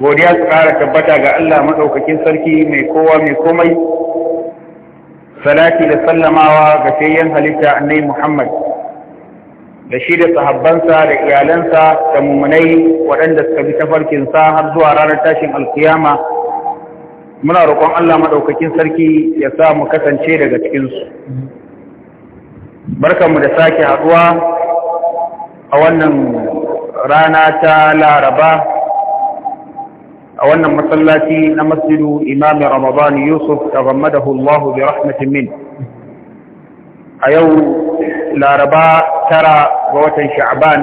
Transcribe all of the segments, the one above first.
godiya su ƙara tabbata ga Allah maɗaukakin sarki mai kowa mai komai salati da sallamawa ga sayyan halitta annai Muhammad da shi da sahabbansa da iyalansa da mummunai waɗanda suka bi tafarkinsa har zuwa ranar tashin alkiyama muna roƙon Allah maɗaukakin sarki ya sa mu kasance daga cikinsu barkanmu da sake haɗuwa a wannan rana ta laraba a wannan masallaci na masjidu imam ramadan yusuf tagammadahu Allah bi rahmatin min a yau laraba tara ga watan sha'ban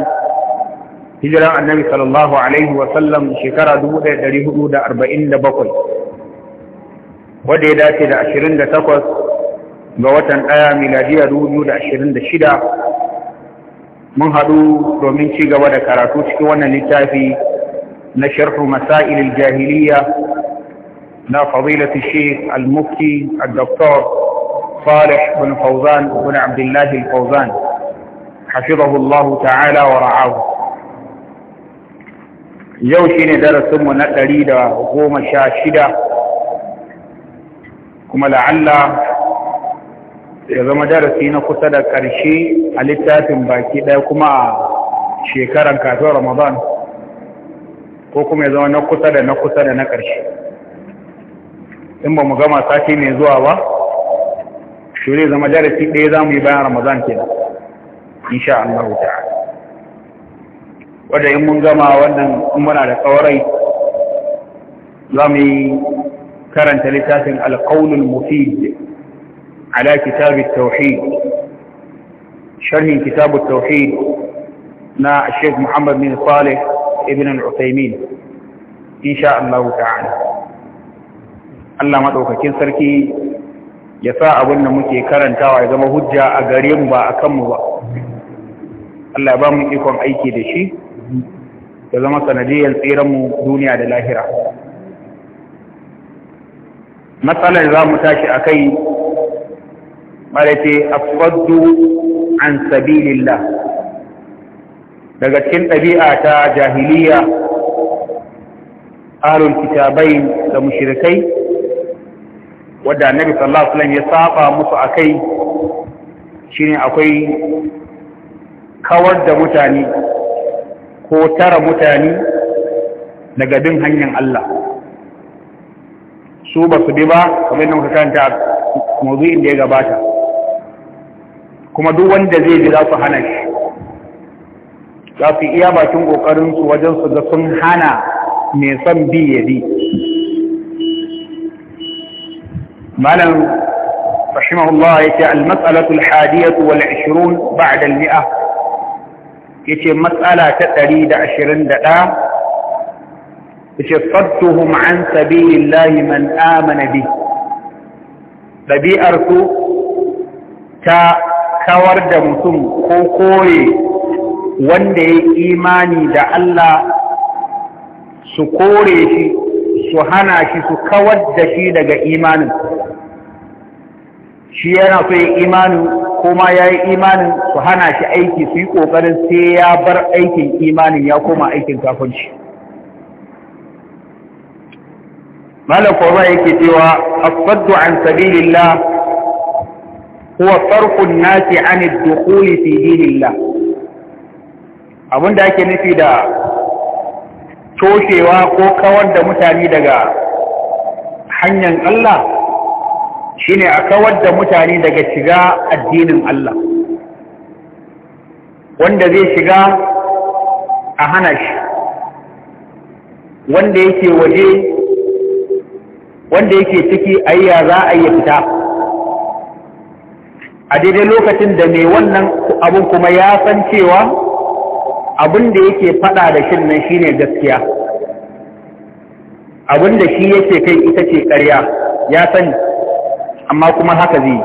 hijiran annabi sallallahu alaihi wa sallam shekara 1447 wanda ya dace da 28 ga watan ɗaya miladiya 2026 mun haɗu domin ci gaba da karatu cikin wannan littafi نشرح مسائل الجاهلية لا فضيلة الشيخ المفتي الدكتور صالح بن فوزان بن عبد الله الفوزان حفظه الله تعالى ورعاه yau shi ne darasinmu na ɗari da goma sha shida kuma la'alla ya zama darasi na kusa da ƙarshe a littafin baki ɗaya kuma a shekaran kafin ramadan ko kuma ya zama na kusa da na kusa da na ƙarshe in ba mu gama sati mai zuwa ba Shure zama darasi ɗaya za mu yi bayan ramazan ke insha Allah ta'ala wadda in mun gama wannan in muna da tsawarai za mu yi karanta littafin alƙaunin mufid ala kitabin tauhid sharhin kitabin tauhid na sheikh muhammad bin salih ibn al-Uthaymeen insha Allah ta'ala Allah madaukakin sarki ya sa abin da muke karantawa ya zama hujja a gare mu ba a kanmu ba Allah ba mu ikon aiki da shi ya zama sanadiyar mu duniya da lahira matsalar za mu tashi a kai mara ce afwaddu an sabilillah daga cikin ɗabi'a ta jahiliya ahlul kitabai da mushirikai. wadda annabi sallallahu alaihi ya saba musu a akai shine akwai kawar da mutane ko tara mutane daga bin hanyar Allah su ba su bi ba kamar yadda muka karanta mawdu'in da ya gabata kuma duk wanda zai ji za su hana shi za su iya bakin ƙoƙarinsu wajen su ga sun hana mai son bi ya bi malam rahimahullah ya ce al-mas'alatu al-hadiyatu wal 20 ba'da al-mi'a yace matsala ta 121 شفتهم عن an الله man amana bi ɗabi'arsu ta kawar da mutum ko koye wanda ya imani da Allah su kore shi su hana shi su kawar da shi daga imanin shi yana so ya imanin kuma ya yi imanin su hana shi aiki su yi ƙoƙarin sai ya bar aikin imanin ya koma aikin kafinci malakwarwa yake cewa asfaddu an sabilillah huwa farkun nasi an dukhuli fi dinillah da ake nufi da toshewa ko kawar da mutane daga hanyar Allah shine a kawar da mutane daga shiga addinin Allah wanda zai shiga a hana shi wanda yake waje wanda yake ciki ayya za a yi fita a daidai lokacin da mai wannan abin kuma ya san cewa abin da yake faɗa da shin nan shine gaskiya abin da shi yake kai ita ce ƙarya ya sani amma kuma haka zai yi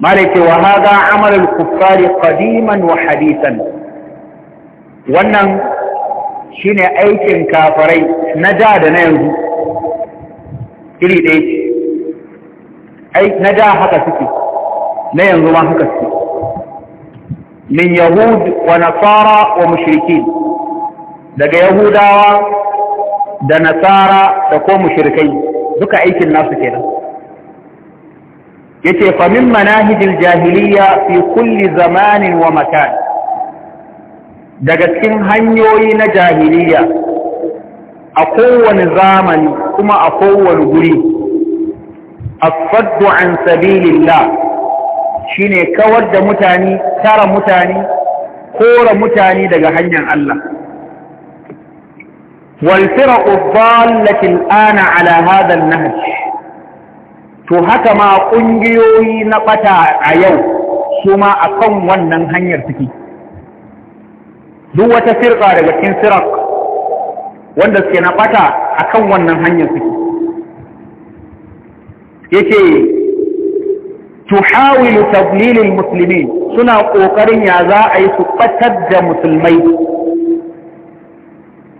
malai wa haza amalar kuffari qadiman wa hadisan wannan shine aikin kafarai na da da na yanzu iri ɗaya ce na da haka suke na yanzu ma haka suke min yahud wa nasara wa mushrikin daga yahudawa da nasara da ko mushrikai duka aikin nasu kenan yace fa min manahijil jahiliya fi kulli zamanin wa makan daga cikin hanyoyi na jahiliya a kowane zamani kuma a kowane guri as an sabilillah shine kawar da mutane tara mutane kora mutane daga hanyar Allah wal firaq dallati al'ana ala hadha an-nahj to haka ma kungiyoyi na bata a yau su ma akan wannan hanyar suke duk wata firqa daga cikin firaq wanda suke na bata akan wannan hanyar suke yake tuhawilu tablilil musulmi suna ƙoƙarin ya za a yi su ɓatar da musulmai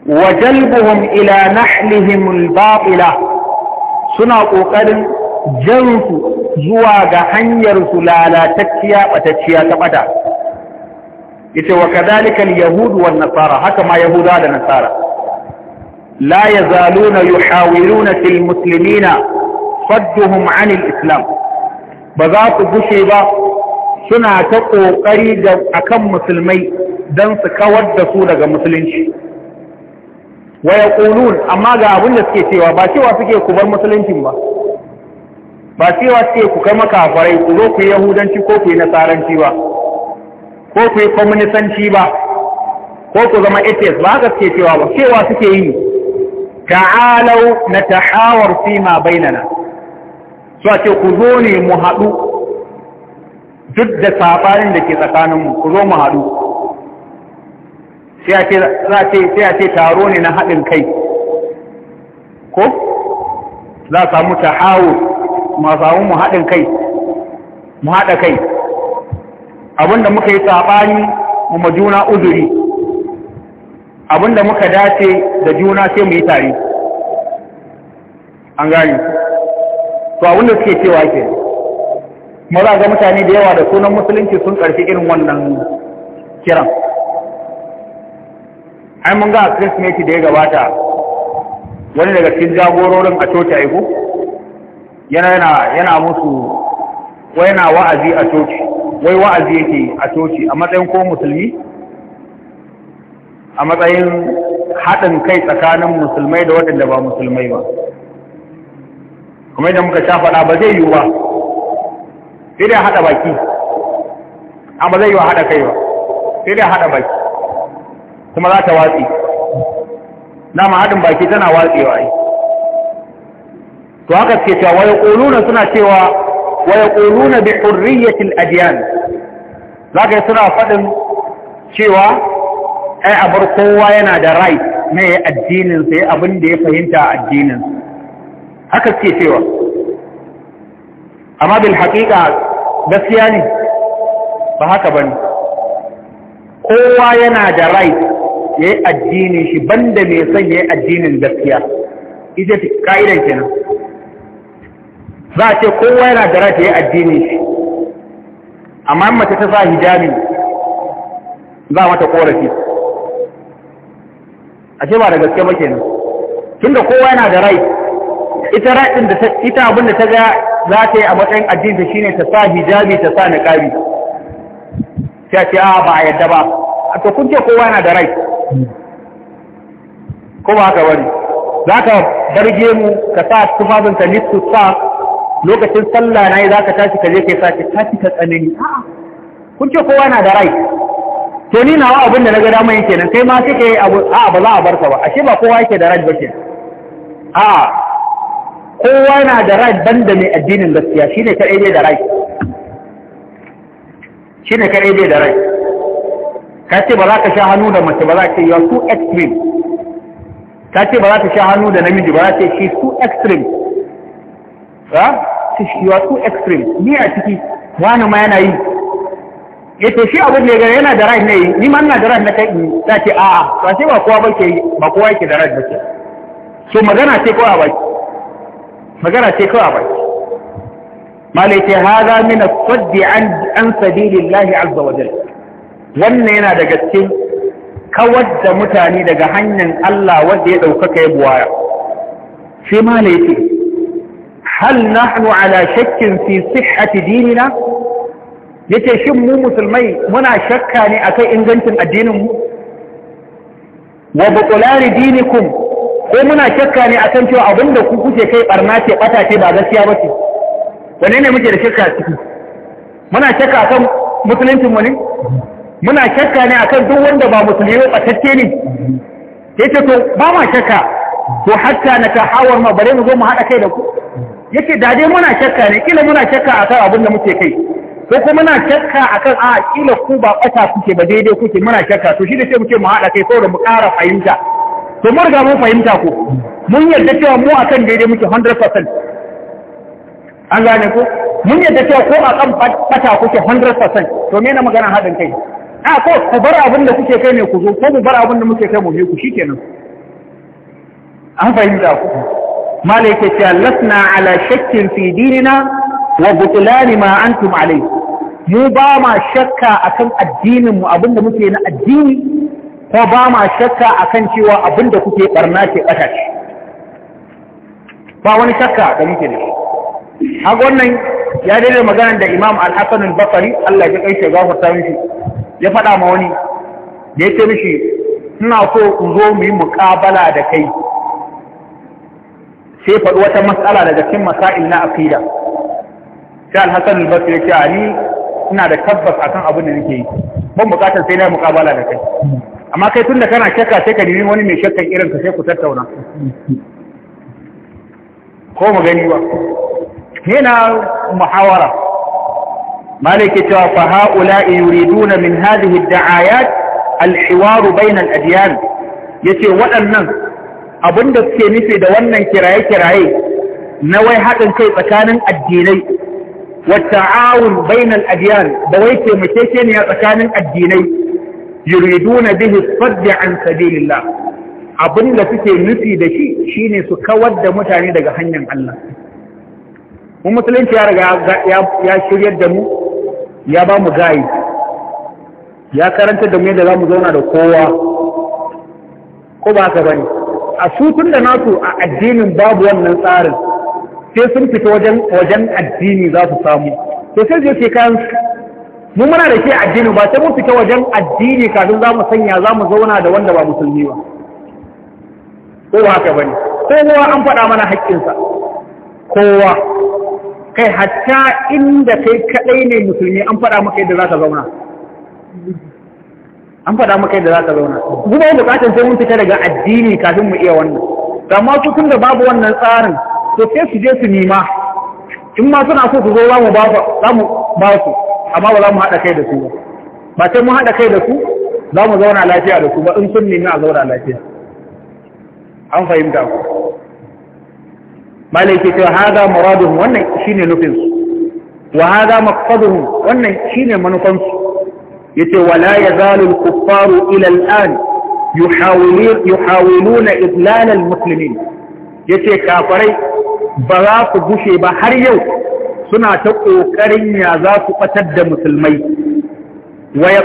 wajalbuhum ila nahlihim al suna ƙoƙarin jansu zuwa ga hanyar su lalatacciya ɓatacciya ta ɓata yace wa kadhalika al-yahud wan nasara haka ma yahuda da nasara la yazaluna yuhawiluna fil muslimina sadduhum 'anil islam ba za ku gushe ba suna ta ƙoƙari da akan musulmai don su kawar da su daga musulunci waya ƙulun amma ga abin da suke cewa ba cewa suke ku bar musuluncin ba ba cewa suke ku kai makafarai ku zo ku yi yahudanci ko ku yi nasaranci ba ko ku yi kwamunisanci ba ko ku zama atheist ba haka suke cewa ba cewa suke yi ta'alau na tahawar fi ma bainana a ce ku zo ne mu haɗu duk da saɓanin da ke tsakaninmu ku zo mu haɗu sai a ce taro ne na haɗin kai ko za a samu ta hawo masu mu haɗin kai mu haɗa kai abinda muka yi saɓani mu ma juna uzuri abinda muka dace da juna sai mu yi tare an gani to abin da suke cewa ke kuma za ga mutane da yawa da sunan musulunci sun ƙarfi irin wannan kiran ai mun ga a kirismeti da ya gabata wani daga cikin jagororin a coci aiku yana yana musu wai na wa'azi a coci wai wa'azi yake a coci a matsayin ko musulmi a matsayin haɗin kai tsakanin musulmai da waɗanda ba musulmai ba kuma idan muka sha faɗa ba zai yiwu ba sai dai haɗa baki amma zai yi wa haɗa kai ba sai dai haɗa baki kuma za ta watsi dama haɗin baki tana watsewa yi to haka suke cewa waya ƙoluna suna cewa waya ƙoluna bi hurriyatil adiyan za ka yi suna faɗin cewa ai abar kowa yana da right na ya addininsa ya abin da ya fahimta a addininsa haka suke cewa amma bil haƙiƙa gaskiya ne ba haka ba ne kowa yana da right ya yi addinin shi banda mai son ya yi addinin gaskiya ita ka'idan kenan za a ce kowa yana da right ya yi addinin shi amma mace ta sa hijabi za mata korafi a ce ba da gaske ba kenan tunda kowa yana da right ita raɗin da ita abin da ta ga za ta yi a matsayin addini shine ta sa hijabi ta sa niqabi ta ce a ah, ba a yadda ba a to kun ce kowa yana da rai ko ba haka wani za ka barge mu ka sa tufafin ka nisku sa lokacin sallah na yi za ka tashi ka je ka yi sa ta tashi ka tsanani kun ce kowa yana da rai to ni nawa abin da na ga dama yake nan kai ma kike abu a ba za a bar ka ba ashe ba kowa yake da rai ba ke a kowa yana da ban banda mai addinin gaskiya shine kadai dai da rai. shine kadai dai da rai. ka ce ba za ka sha hannu da mace ba za ka yi su extreme ka ce ba za ka sha hannu da namiji ba za ka shi su extreme ha shi wa su extreme ni a ciki wani ma yana yi ya to shi abin da yana da rai ne ni ma ina da rai na kai ta ce a'a ba sai ba kowa ba ke ba kowa yake da rai ba ke so magana ce kowa ba ke magana ce kawai bai malai ce haza min saddi an an sabilillahi azza wa jalla wannan yana daga cikin kawar da mutane daga hanyar Allah wanda ya daukaka ya buwaya sai malai ce hal nahnu ala shakkin fi sihhati dinina yace shin mu musulmai muna shakka ne akan ingancin addinin mu wa dini dinikum ko muna shakka ne a kan cewa abinda ku kuke kai barna ce bata ce ba gaskiya ba ce wane ne muke da shakka ciki muna shakka a kan mu ne muna shakka ne a kan duk wanda ba musulmi ba batacce ne yace to ba ma shakka to hatta na ta hawar ma bare mu zo mu hada kai da ku yace da dai muna shakka ne kila muna shakka a abin da muke kai ko kuma muna shakka kan a kila ku ba bata kuke ba daidai kuke muna shakka to shi da sai muke mu hada kai saboda mu ƙara fahimta to mun riga mun fahimta ko mun yarda cewa mu akan daidai muke 100% an gane ko mun yarda cewa ko a kan fata kuke 100% to me na magana hadin kai a ko ku bar abin da kuke kai ne ku zo ko mu bar abin da muke kai mu bi ku shikenan an fahimta ku malaike ce lasna ala shakkin fi dinina wa butlani ma antum alayhi mu ba ma shakka akan addinin mu abinda muke na addini ko ba ma shakka a kan cewa abinda kuke barna ke ɓata ce ba wani shakka da muke da a wannan ya daidai maganar da imam al-hassan al Allah ya kai shiga wata mishi ya faɗa ma wani da ya ce mishi suna so in zo mu yi muƙabala da kai sai faɗi wata matsala daga cikin masail na aqida sai al-hassan al ya ce ni ina da tabbas akan abin da nake yi ban buƙatar sai na muƙabala da kai amma kai tun da kana shakka sai ka nemi wani mai shakkan irin ka sai ku tattauna ko mu gani ba hina muhawara Malik cewa fa haula yuriduna min hadhihi ad-da'ayat al-hiwar bayna al-adyan yace waɗannan da suke nufi da wannan kiraye-kiraye na wai haɗin kai tsakanin addinai wa ta'awun bainal adyan da wai taimakekeniya tsakanin addinai yuriduna bihi sadda an sabilillah abin da suke nufi da shi shine su kawar da mutane daga hanyar Allah mu musulunci ya riga ya shiryar da mu ya ba mu gayi ya karanta da mu yadda za zauna da kowa ko ba ka bane a sutun da nasu a addinin babu wannan tsarin sai sun fita wajen addini za su samu to sai zai ce kayan mun muna da ke addini ba sai mun fita wajen addini kafin za mu sanya za mu zauna da wanda ba musulmi ba ko haka bane, sai kowa an faɗa mana haƙƙinsa kowa kai hatta inda kai kaɗai ne musulmi an faɗa maka yadda za ka zauna an faɗa maka yadda za ka zauna kuma yin bukatar sai mun fita daga addini kafin mu iya wannan amma su tun da babu wannan tsarin to sai su je su nima in ma suna so su zo za mu ba su amma ba za mu haɗa kai da su ba ba sai mu haɗa kai da su za mu zauna lafiya da su ba in sun nemi a zauna lafiya an fahimta ku malai ke cewa haza muraduhum wannan shine nufin su wa haza maqsaduhum wannan shi shine manufan su yace wala ya zalul kuffaru ila al-an yuhawilun yuhawiluna idlal al Ya ce kafarai ba za ku gushe ba har yau suna ta ƙoƙarin ya za su ɓatar da musulmai wa ya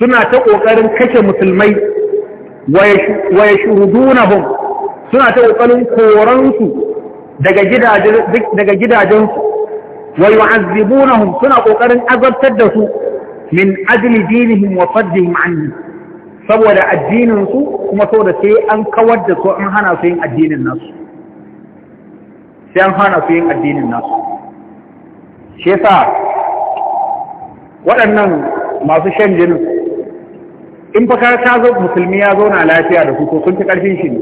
suna ta ƙoƙarin kashe musulmai wa ya shuhudunahum suna ta ƙoƙarin koransu daga gidajensu wa yu'azzibunahum suna ƙoƙarin azabtar da su min ajli dinihim wa faddihim anhu saboda addinin su kuma saboda sai an kawar da su an hana su yin addinin nasu sai an hana su yin addinin nasu shi sa, waɗannan masu shan jinin in fakar ta zo musulmi ya zauna lafiya da su ko sun fi ƙarfin shi ne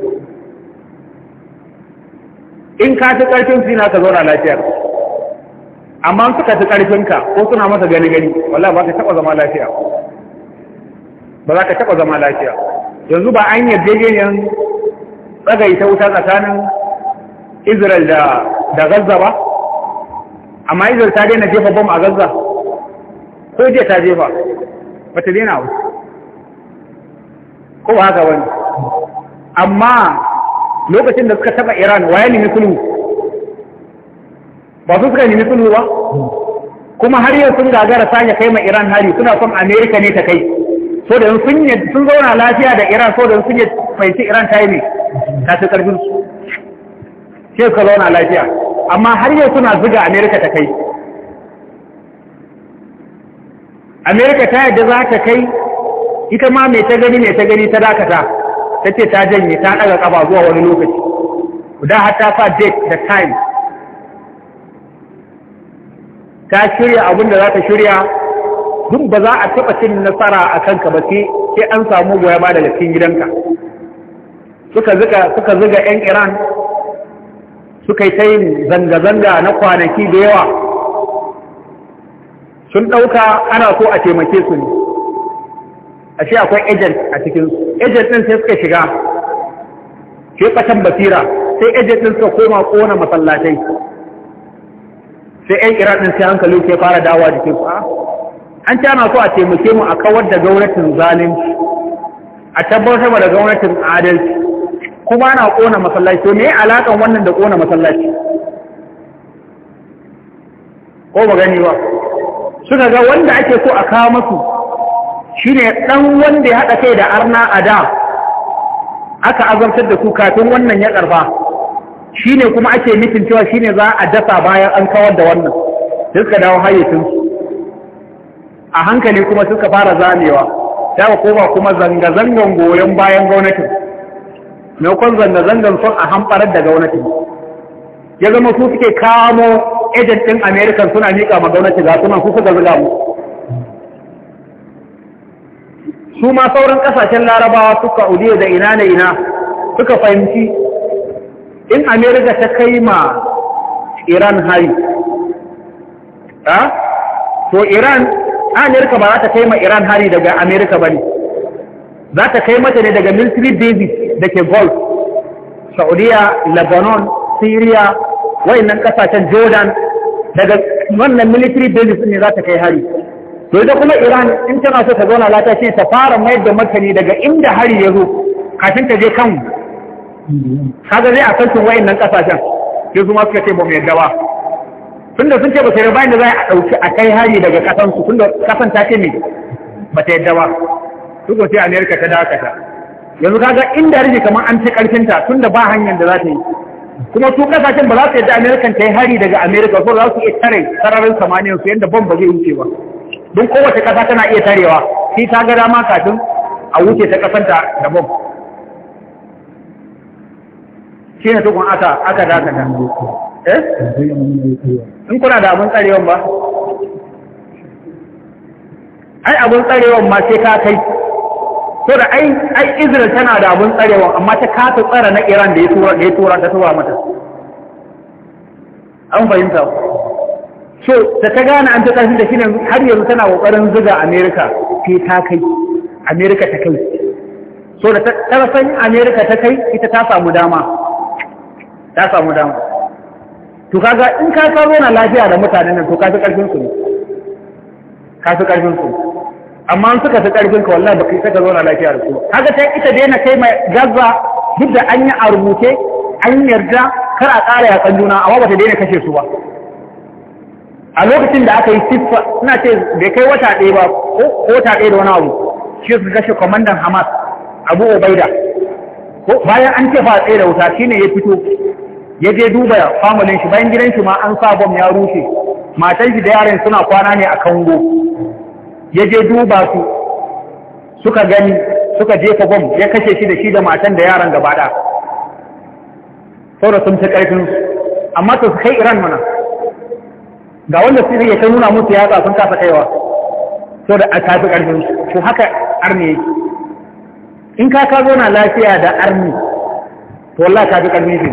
in ka fi ƙarfin su na ka zauna lafiya amma suka fi ƙarfin ka ko suna masa gani gani wallah ba ka taɓa zama lafiya ba za ka taɓa zama lafiya yanzu ba an yarda yanayin tsagaita wuta tsakanin Israel da da Gaza ba amma Israel ta daina jefa bom a Gaza ko je ta jefa bata daina ba ko haka wani amma lokacin da suka taba Iran waye ne sulhu ba su suka nemi sulhu ba kuma har yau sun gagara sanya kai ma Iran hari suna son Amerika ne ta kai so da sun sun zauna lafiya da Iran so da sun yi fahimci Iran ta yi ne ta ci karfin su sai ka zauna lafiya amma har yau suna zuga amerika ta kai amerika ta yadda za ta kai ita ma mai ta gani mai ta gani ta dakata ta ce ta janye ta ɗaga ƙafa zuwa wani lokaci guda har ta sa date da time ta shirya abin da za ta shirya duk ba za a taɓa cin nasara a kanka ba sai an samu goya ba daga cikin gidanka suka zuga 'yan iran suka yi ta yin zanga-zanga na kwanaki da yawa sun ɗauka ana so a taimake su ne ashe akwai agent a cikinsu agent ɗin sai suka shiga ke ƙasan basira sai agent ɗin suka koma ƙona masallatai sai 'yan iran ɗin sai hankali ke fara dawa jikinsu a an ci ana so a taimake mu a kawar da gwamnatin zalunci a tabbatar da gwamnatin adalci kuma na ƙona masallaci to me alakan wannan da ƙona masallaci ko ba gani ba suka ga wanda ake so a kawo masu Shi ne dan wanda ya haɗa kai da arna a da aka azartar da su kafin wannan ya Shi ne kuma ake mitin cewa ne za a dasa bayan an kawar da wannan suka dawo hayyacin a hankali kuma suka fara zamewa ta koma kuma zanga-zangan goyon bayan gwamnatin maimakon zanga-zangan sun a hamɓarar da gwamnati ya zama su suke kamo agent ɗin Amerika suna miƙa ma za su sunan su suka zuga mu su ma sauran ƙasashen larabawa suka uliyo da ina na ina suka fahimci in Amerika ta kai ma iran hari ha? Ah, to iran amerika ba za ta kai ma iran hari daga Amerika ba ne za ta kai mata ne daga military bases da ke gulf saudiya lebanon syria wayannan kasashen jordan daga wannan military bases ne za ta kai hari to ita kuma iran in tana so ta zauna lata shi ta fara mayar da martani daga inda hari ya zo kafin ta je kan kaga zai a kansu wayannan kasashen ke kuma suka ce ba mu yadda ba tunda sun ce ba sai bayan da za a ɗauki a kai hari daga kasansu tunda kasan ta ce me ba ta yadda ba duk sai amerika ta dakata yanzu kaga inda rage kamar an ci karfin ta tunda ba hanyar da za ta yi kuma su kasashen ba za su yadda amerikan ta yi hari daga amerika ko za su iya tare sararin samaniyar su yadda bom ba zai wuce ba don kowace kasa tana iya tarewa sai ta ga dama kafin a wuce ta kasanta da bom shi ne tukun aka aka dakata eh in kuna da abin tsarewan ba ai abin tsarewan ma sai ka kai so da ai ai Israel tana da abun tsarewa amma ta kafa tsara na Iran da ya tura da ya tura ta tura mata an fahimta so da ta gane an ta tashi da shi ne har yanzu tana kokarin zuga America fi ta kai America ta kai so da ta san America ta kai ita ta samu dama ta samu dama to kaga in ka karo na lafiya da mutanen nan to ka fi karfin su ne ka fi karfin su amma an suka fi ƙarfin ka wallahi baka isa zauna lafiya da su kaga sai ita daina kai mai gazza duk da an yi a rubuce an yarda kar a ƙara yakan juna amma bata daina kashe su ba a lokacin da aka yi siffa suna ce bai kai wata ɗaya ba ko wata ɗaya da wani abu shi su kashe kwamandan hamas abu obaida ko bayan an ce fa tsaye da wuta shine ya fito ya je duba famalin shi bayan gidan shi ma an sa bom ya rushe matan shi da yaran suna kwana ne a kango ya je duba su suka gani suka jefa bom ya kashe shi da shi da matan da yaran gaba da saboda sun fi karfin amma to su kai Iran mana ga wanda su ya kai nuna musu yatsa sun kasa kaiwa saboda a tafi karfin su to haka arni yake in ka ka zona lafiya da arni to wallah ka fi karfin shi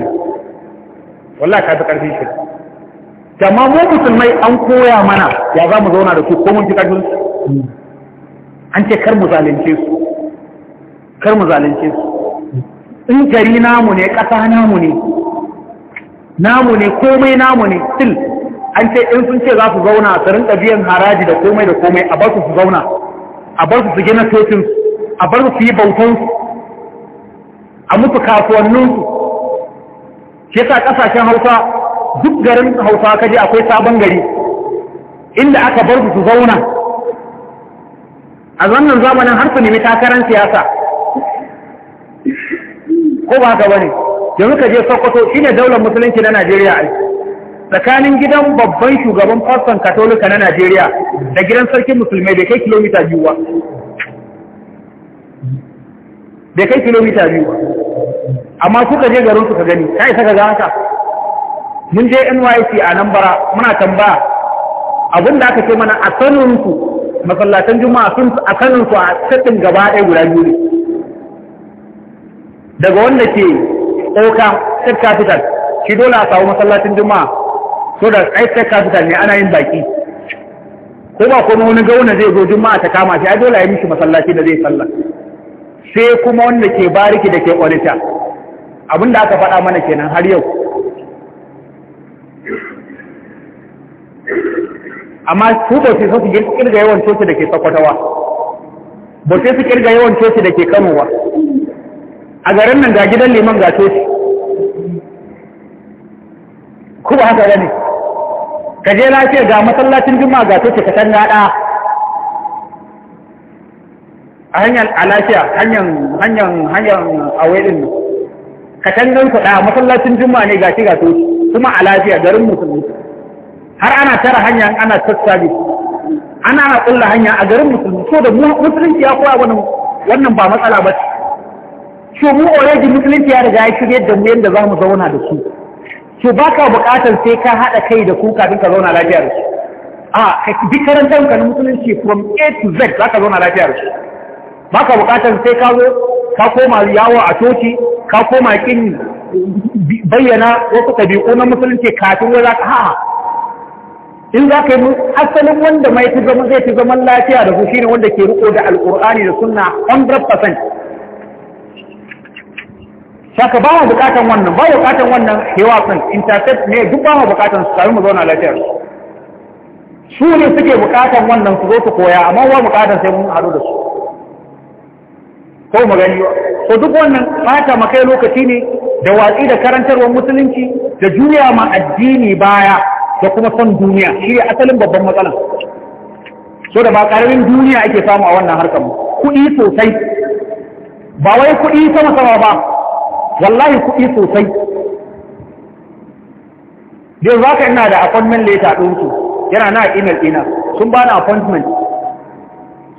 wallah ka fi karfin shi amma mu musulmai an koya mana ya za mu zauna da su ko mun fi karfin su an ce kar mu zalunce su kar mu zalunce su in gari namu ne ƙasa namu ne namu ne komai namu ne still an ce in sun ce za su zauna su rinka biyan haraji da komai da komai a bar su su zauna a bar su su gina su a bar su su yi bautansu a mutu kasuwanninsu shi yasa kasashen hausa duk garin hausa kaji akwai sabon gari inda aka bar su su zauna a zannan zamanin har su nemi takarar siyasa ko ba ka wani yanzu ka je sokoto shi shine daular musulunci na najeriya ai tsakanin gidan babban shugaban faston katolika na najeriya da gidan sarkin musulmai bai kai kilomita biyu ba kai kilomita biyu amma kuka je garin suka gani ta isa ka ga haka mun je nyc a nan bara muna tambaya abinda aka ce mana a saninku masallatan juma'a sun a kanin su a cikin gaba ɗaya guda biyu daga wanda ke tsoka state capital shi dole a samu masallacin juma'a so da ai state capital ne ana yin baki ko ba kuma wani gauna zai zo juma'a ta kama shi ai dole ya mishi masallaci da zai salla sai kuma wanda ke bariki da ke kwalita abinda aka faɗa mana kenan har yau amma su ba su su kirga yawan coci da ke sakwatawa ba sai su kirga yawan coci da ke kano ba a garin nan ga gidan liman ga coci ku ba haka gani ka je lafiya ga masallacin juma'a ga coci ka san gada a hanyar a lafiya hanyar hanyar hanyar a waidin ka can gan kuɗa masallacin juma'a ne ga shi ga coci kuma a lafiya garin musulmi har ana tara hanya ana sassabe ana ana kulla hanya a garin musulmi so da musulunci ya koya wannan wannan ba matsala ba ce so mu already musulunci ya riga ya shirye da mu yadda za mu zauna da su so ba ka buƙatar sai ka haɗa kai da ku kafin ka zauna lafiya da su a ka bi karantar ka na musulunci from A to Z za ka zauna lafiya da su ba ka buƙatar sai ka zo ka koma yawo a coci ka koma kin bayyana wasu ɗabi'u na musulunci kafin wai za ka ha'a in za ka yi asalin wanda mai fi zama zai fi zaman lafiya da su shine wanda ke riko da alkur'ani da sunna 100% shaka ba mu bukatan wannan ba bukatan wannan sun intercept ne duk ba mu bukatan su sami mu zauna lafiya su ne suke bukatan wannan su zo su koya amma ba bukatan sai mun haɗu da su ko mu gani so duk wannan fata makai lokaci ne da watsi da karantarwar musulunci da juya ma addini baya da kuma son duniya shi ne asalin babban matsala. so da ba karamin duniya ake samu a wannan harkar kuɗi sosai ba wai kuɗi sama sama ba wallahi kuɗi sosai dai za ka ina da appointment later ɗinsu yana na email ina sun ba na appointment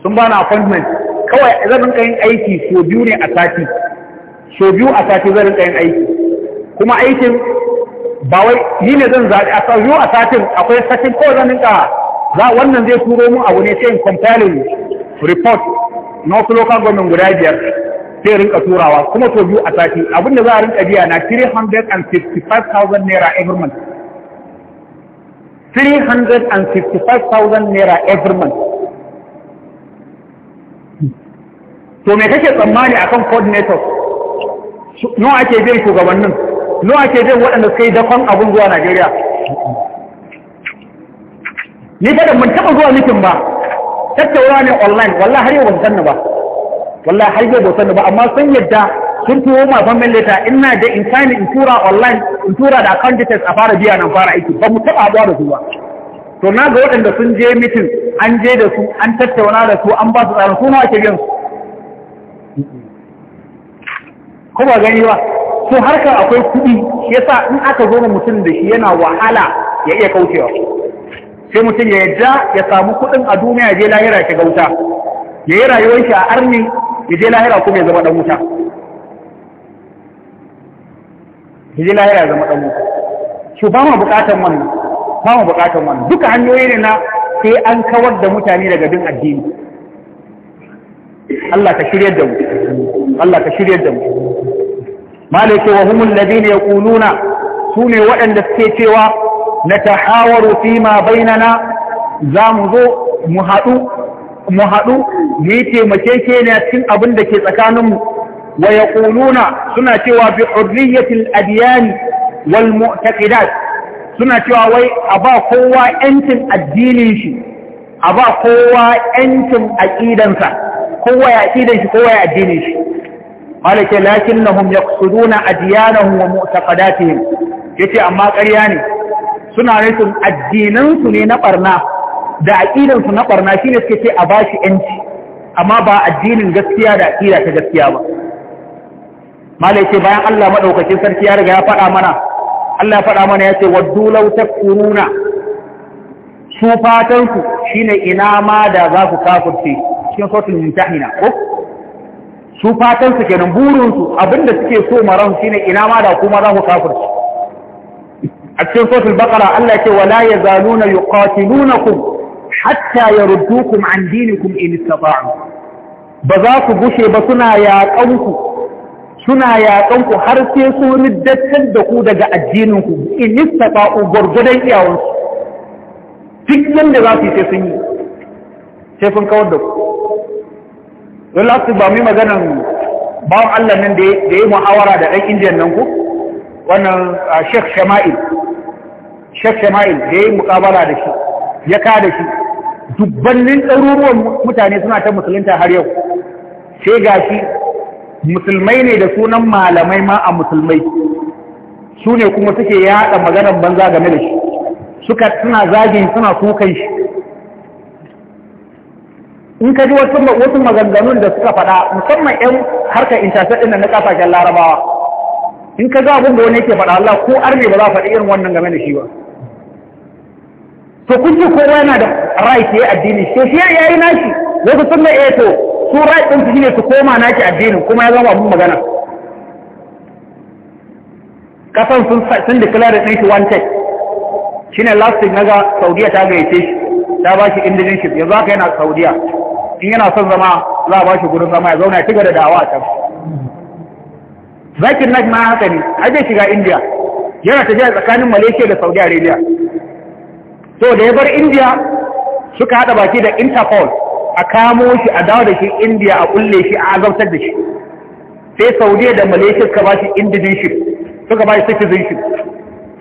sun ba na appointment kawai zan kayan yin aiki so biyu ne a sati so biyu a sati zan kayan yin aiki kuma aikin ba wai ni ne zan zaɓi a sau a satin akwai satin ko zan ninka za wannan zai turo mu abu ne sai in compiling report na wasu local government guda biyar sai rinka turawa kuma to biyu a sati abinda za a rinka biya na 355,000 naira every month 355,000 naira every month to me kake tsammani akan coordinator nawa ake biyan shugabannin no ake jin waɗanda suka yi dakon abin zuwa Najeriya ni ta mun taɓa zuwa mitin ba tattaura ne online wallahi har yau ban ba wallahi har yau ban ba amma sun yadda sun tuwo ma family leta ina da in tani in tura online in tura da account details a fara biya nan fara aiki ba mu taɓa zuwa da zuwa. to na ga waɗanda sun je mitin an je da su an tattauna da su an ba su tsarin suna ake biyan su ko ba gani ba ko harka akwai kuɗi shi yasa in aka zo mutum da shi yana wahala ya iya kaucewa sai mutum ya yadda ya samu kuɗin a duniya ya je lahira shi gauta ya yi rayuwar shi a arni ya je lahira kuma ya zama ɗan wuta ya je lahira ya zama ɗan wuta shi ba mu buƙatar wannan ba mu buƙatar wannan duka hanyoyi ne na sai an kawar da mutane daga bin addini Allah ka shirya da mu Allah ka shirya da mu malaka wa ya ladina yaquluna sune waɗanda suke cewa natahawaru fi ma bainana za mu zo mu haɗu mu haɗu mu yi taimakekeniya cikin abin da ke tsakaninmu wa yaquluna suna cewa bi hurriyatil adyan wal mu'taqidat suna cewa wai a ba kowa yancin addinin shi a ba kowa yancin aqidansa kowa ya aqidan shi kowa ya addinin shi malaka lakinnahum yaqsuduna adyanahum wa mu'taqadatihim yace amma ƙarya ne suna nufin addinansu ne na barna da aqidansu na barna shine suke ce a bashi yanci amma ba addinin gaskiya da aqida ta gaskiya ba malaka bayan Allah madaukakin sarki ya riga ya faɗa mana Allah ya faɗa mana yace waddu law kuruna. su fatansu shine ina ma da za ku kafurce cikin sautin mutahina ko su fatan kenan burinsu, abinda suke so maran ne, ina ma da kuma za ku kafirci a cikin suratul bakara Allah ke wala yazaluna yuqatilunakum hatta yaruddukum an dinikum in istata'u ba za ku gushe ba suna yaƙan suna yaƙan har sai su riddatar da ku daga addinin ku in istata'u gurgudan iyawansu duk da za su yi sai sun yi sai sun kawar da ku don last ba mu maganan bawan Allah nan da ya yi muhawara da ɗan indiyan nan ku wannan ah, Sheikh Shama'il Sheikh Shama'il da ya yi mukabala da shi ya ka da shi dubbannin ɗaruruwan mutane suna ta musulunta har yau sai ga musulmai ne da sunan malamai ma a musulmai su ne kuma suke yaɗa maganar banza game da shi suka suna zagin suna kukan shi in ka ji wasu maganganun da suka faɗa musamman yan harkar intasar ɗin na kasashen larabawa in ka ga abin da wani yake faɗa Allah ko arne ba za faɗi irin wannan game da shi ba to kun ji kowa yana da right yayi addini to shi ya yi nashi wasu sun ga eh to su right ɗin su shine su koma naki addinin kuma ya zama abin magana kasan sun sun declare ɗin shi one shi shine last na ga Saudiya ta gayyace shi ta ba shi indigenship yanzu haka yana Saudiya in yana son zama za a ba shi gudun zama ya zauna ya shiga da dawa a can zakir Naik ma haka ne har zai shiga india yana tafiya tsakanin malaysia da saudi arabia so da ya bar india suka haɗa baki da interpol a kamo shi a dawo da shi india a kulle shi a azabtar da shi sai saudiya da malaysia suka ba shi indonesia suka ba shi citizenship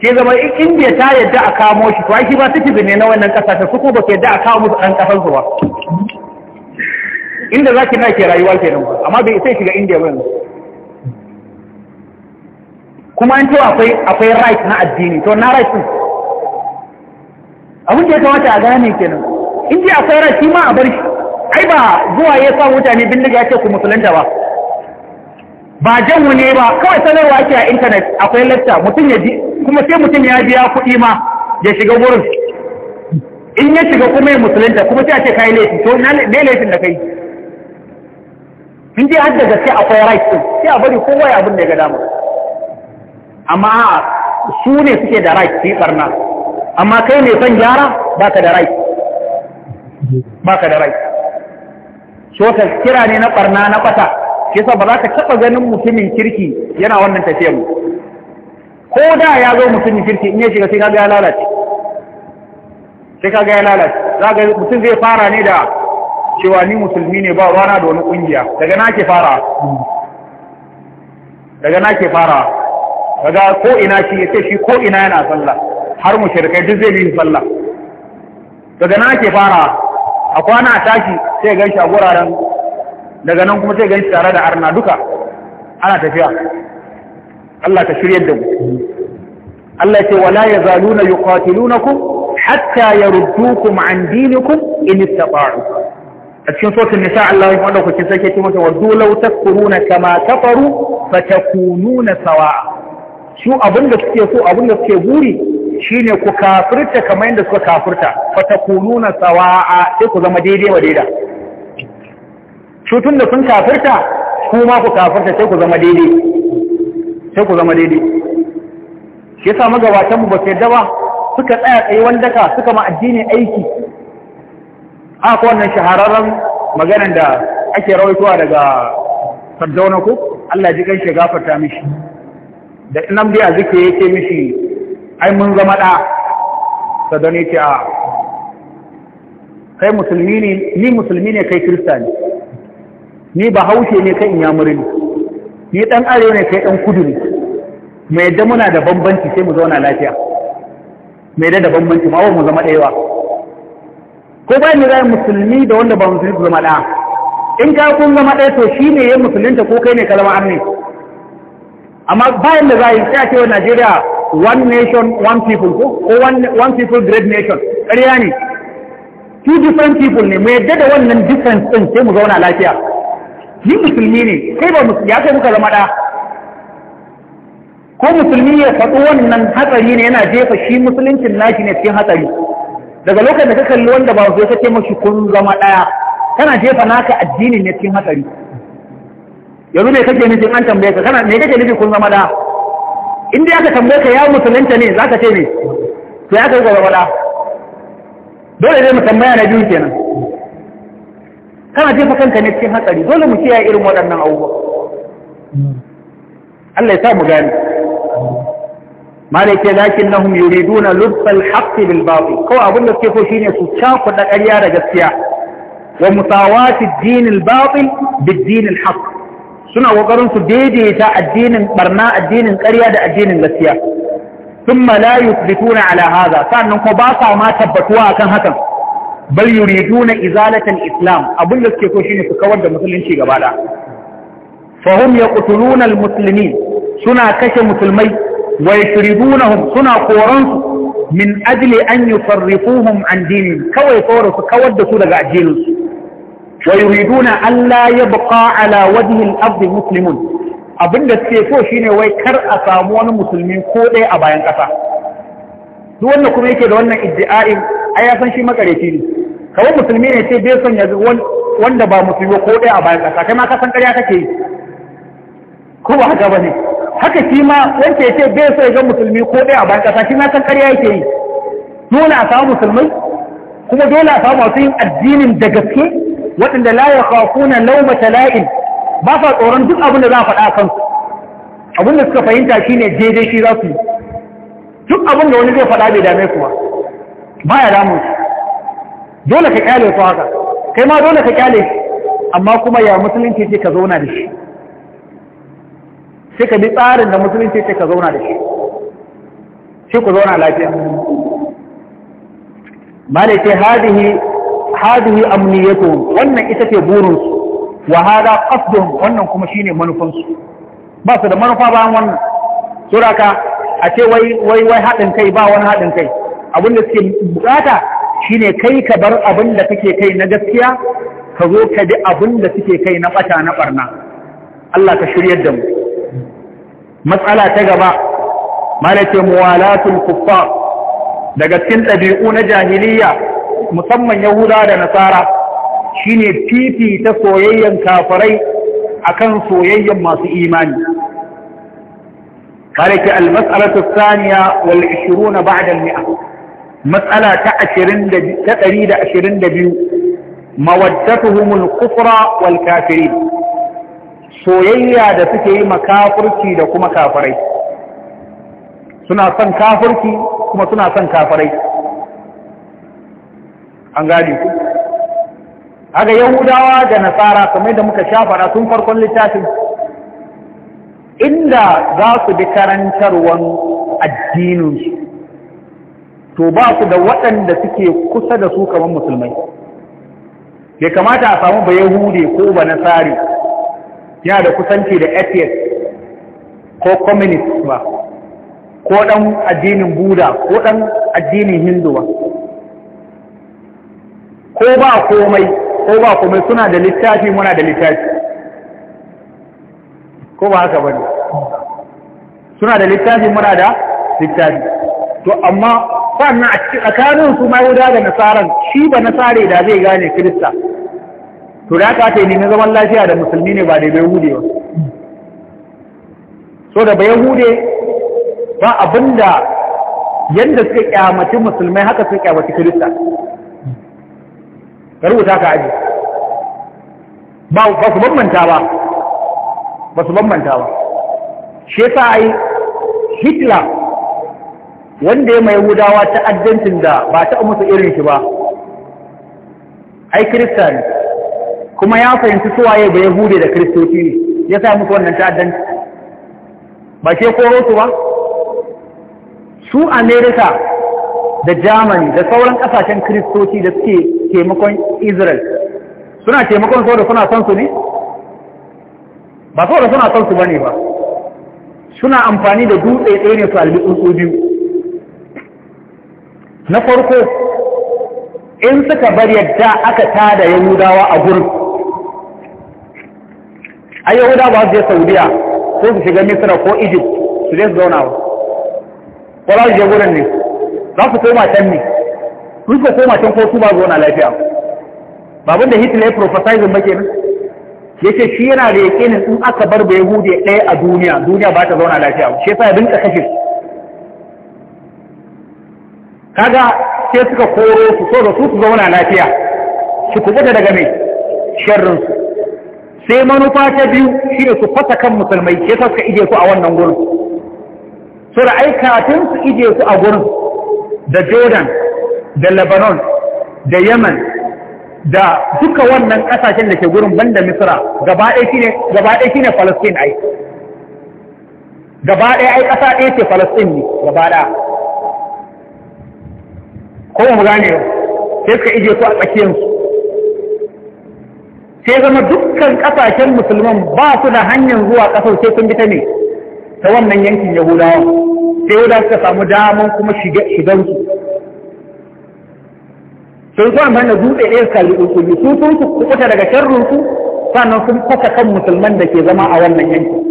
ke zama in indiya ta yadda a kamo shi to shi ba citizen ne na wannan ƙasa ta suko ba ke yadda a kawo musu ɗan ƙasarsu ba inda za na ke rayuwa kenan amma bai sai shiga indiya ba kuma an cewa akwai akwai right na addini to na right din abin da ya kamata a gane kenan in ji akwai right shi ma a bar shi ai ba zuwa ya sa mutane bindiga ya ce ku musulunta ba ba jan wani ba kawai sanarwa ake a intanet akwai lacca mutum ya ji kuma sai mutum ya biya kuɗi ma ya shiga wurin in ya shiga kuma ya musulunta kuma sai a ce kai laifin, to na laifin da kai in dai har daga sai akwai right din sai a bari kowa ya abin da ya ga dama amma su ne suke da right su yi barna amma kai ne son gyara ba ka da right ba ka da right so ka kira ne na barna na kwata shi sa ba za ka taɓa ganin mutumin kirki yana wannan tafiyar mu ko da ya zo mutumin kirki in ya shiga sai ka ga ya lalace sai ka ga ya lalace za ga mutum zai fara ne da cewa ni musulmi ne ba rana da wani kungiya daga na ke fara daga na ke fara daga ko ina shi ya ce shi ko ina yana sallah har mu shirka duk zai yi sallah daga na ke fara a kwana a tashi sai gan shi a guraren daga nan kuma sai gan shi tare da arna duka ana tafiya Allah ta shirya da mu Allah ya ce wala ya yazaluna yuqatilunakum hatta yaruddukum an dinikum in istata'u a cikin sautin nisa Allah ya wanda kuke sake ce mata wadu law takfuruna kama kafaru fatakununa sawa su abinda suke so abinda suke buri shine ku kafirta kamar yadda suka kafirta fatakununa sawa sai ku zama daidai wa daida cutun da sun kafirta ma ku kafirta sai ku zama daidai sai ku zama daidai shi yasa magabatan mu ba su yadda ba suka tsaya tsaye wanda ka suka ma addini aiki aka wannan shahararren maganin da ake rawaitowa daga sardauna ku. Allah ji kan shi gafarta mishi da nan biya zuke yake mishi ai mun zama da sardauna yake a kai musulmi ne ni musulmi ne kai kirista ne ni ba haushe ne kai ne ni dan are ne kai dan kudu ne mai da muna da bambanci sai mu zauna lafiya mai da da bambanci ma mu zama ɗaya ko ba ni zai musulmi da wanda ba musulmi zama ɗaya in ka kun zama ɗaya to shi ne ya musulunta ko kai ne kalama an ne amma bayan da zai sai a cewa Najeriya one nation one people ko ko one people great nation ƙarya ne two different people ne mu yadda da wannan difference ɗin sai mu zauna lafiya ni musulmi ne kai ba musulmi ya kai muka zama ɗaya ko musulmi ya faɗo wannan hatsari ne yana jefa shi musuluncin nashi ne cikin hatsari daga lokacin da ka kalli wanda ba zai kace mashi kun zama ɗaya kana jefa naka addinin ne cikin hatsari yanzu me kake nufin an tambaye ka kana me kake nufin kun zama ɗaya in dai aka tambaye ka ya musulunta ne zaka ce ne to ya kai ga ɗaya dole ne mu tambaya na biyu kenan kana jefa kanka ne cikin hatsari dole mu kiyaye irin waɗannan abubuwa Allah ya sa mu gani malai ce lakinnahum yuriduna lubbal haqqi bil batil ko abin da suke so shine su cakuɗa ƙarya da gaskiya wa musawati ad-din al batil bid suna ƙoƙarin su daidaita addinin barna addinin ƙarya da addinin gaskiya thumma la yuthbituna ala hadha sannan ko ba sa ma tabbatuwa akan hakan bal yuriduna izalata izalatan islam abin da suke so shine su kawar da musulunci gaba da fa hum yaqtuluna suna kashe musulmai wa yakridunahum suna koransu min ajili an yufarriquhum an dinin kawai kawar su kawar da su daga addinin su wa yuriduna an la yabqa ala wajhi al abinda suke so shine wai kar a samu wani musulmi ko ɗaya a bayan ƙasa duk wanda kuma yake da wannan ya san shi ne musulmi ne sai bai son ya wanda ba musulmi ko ɗaya a bayan ƙasa kai ma ka san ƙarya kake yi ko ba haka haka shi ma wanda ya ce bai so ya ga musulmi ko ɗaya a bayan ƙasa shi ma san ƙarya yake yi dole a samu musulmai kuma dole a samu masu yin addinin da gaske waɗanda la ya lauma tala'in ba sa tsoron duk abin da za a faɗa kansu abin da suka fahimta shine daidai shi za su yi duk abin da wani zai faɗa bai dame su ba ba ya damu dole ka kyale su haka kai ma dole ka kyale amma kuma ya musulunci ce ka zauna da shi sai ka bi tsarin da musulunci sai ka zauna da shi sai ku zauna lafiya ne ce hadihi hadihi wannan ita ce burinsu wa hada kafdun wannan kuma shine manufansu ba su da manufa bayan wannan suraka a ce wai wai haɗin kai ba wani haɗin kai abinda suke bukata shine kai ka bar abin da kake kai na gaskiya ka zo ka bi abin da suke kai na ɓata na ɓarna. Allah ka shiryar da mu matsala ta gaba malake muwalatul kuffar daga cikin ɗabi'u na jahiliya musamman yahuda da nasara shine fifi ta soyayyen kafirai akan soyayyen masu imani malake al-mas'alatu thaniya wal 20 ba'da al-mi'a matsala ta 20 da 122 mawaddatuhumul kufra wal kafirin soyayya da suke yi makafurci da kuma kafirai suna son kafurci kuma suna son kafirai an gani ku aga yahudawa da nasara kamar yadda muka shafara tun farkon littafin inda za su bi karantarwan su to ba su da waɗanda suke kusa da su kamar musulmai bai kamata a samu ba yahude ko ba nasari yana da kusanci da atheist ko communist ba ko ɗan addinin buda ko ɗan addinin hindu ba ko ba komai ko ba komai suna da littafi muna da littafi ko ba haka bane suna da littafi muna da littafi to amma wannan a tsakanin su mai wuda da nasaran shi ba nasare da zai gane kirista to da aka yi na zaman lafiya da musulmi ne ba da bai hude ba so da bai hude ba abinda yadda suka kyamaci musulmai haka suka kyamaci kirista ga rubuta ka aji ba su bambanta ba ba su bambanta ba shi yasa yi hitler wanda ya mai hudawa ta Adjantin da ba ta musu irin shi ba ai kirista ne kuma ya fahimci suwaye ba hude da Kiristoci ne ya sa musu wannan ta'addanci ba ke koro su ba su Amerika da Germany da sauran kasashen Kiristoci da suke taimakon Israel suna taimakon da suna son su ne ba saboda suna son su bane ba suna amfani da dutse ɗaya ne su albi tsuntsu biyu na farko in suka bar yadda aka tada Yahudawa a gurin ai yahuda ba su je saudiya ko su shiga misira ko egypt su je su zauna ba ko za su je gurin ne za su koma can ne su su koma can ko su ba zauna lafiya babin da hitler ya prophesizing make nan ya ce shi yana da ne in aka bar da yahudi ɗaya a duniya duniya ba ta zauna lafiya shi yasa ya binka kashe kaga sai suka koro su so da su su zauna lafiya su kubuta daga mai sharrinsu sai manufa ta biyu shi ne su fasa kan musulmai ke sa suka ije ku a wannan gurin su da aikatun su ije ku a gurin da jordan da lebanon da yemen da duka wannan kasashen da ke gurin banda gaba gabaɗe shi ne falastin ai gabaɗe ai ƙasa ɗaya ce falastin ne gabaɗa kowa mu gane sai suka ije ku a tsakiyarsu sai zama dukkan kasashen musulman ba su da hanyar zuwa kasar sai sun bi ta ne ta wannan yankin yahudawa sai da suka samu daman kuma shigansu sun zuwa amfani na dutse ɗaya kalli usuli su sun su kuɓuta daga sharrunsu sannan sun fasa kan musulman da ke zama a wannan yankin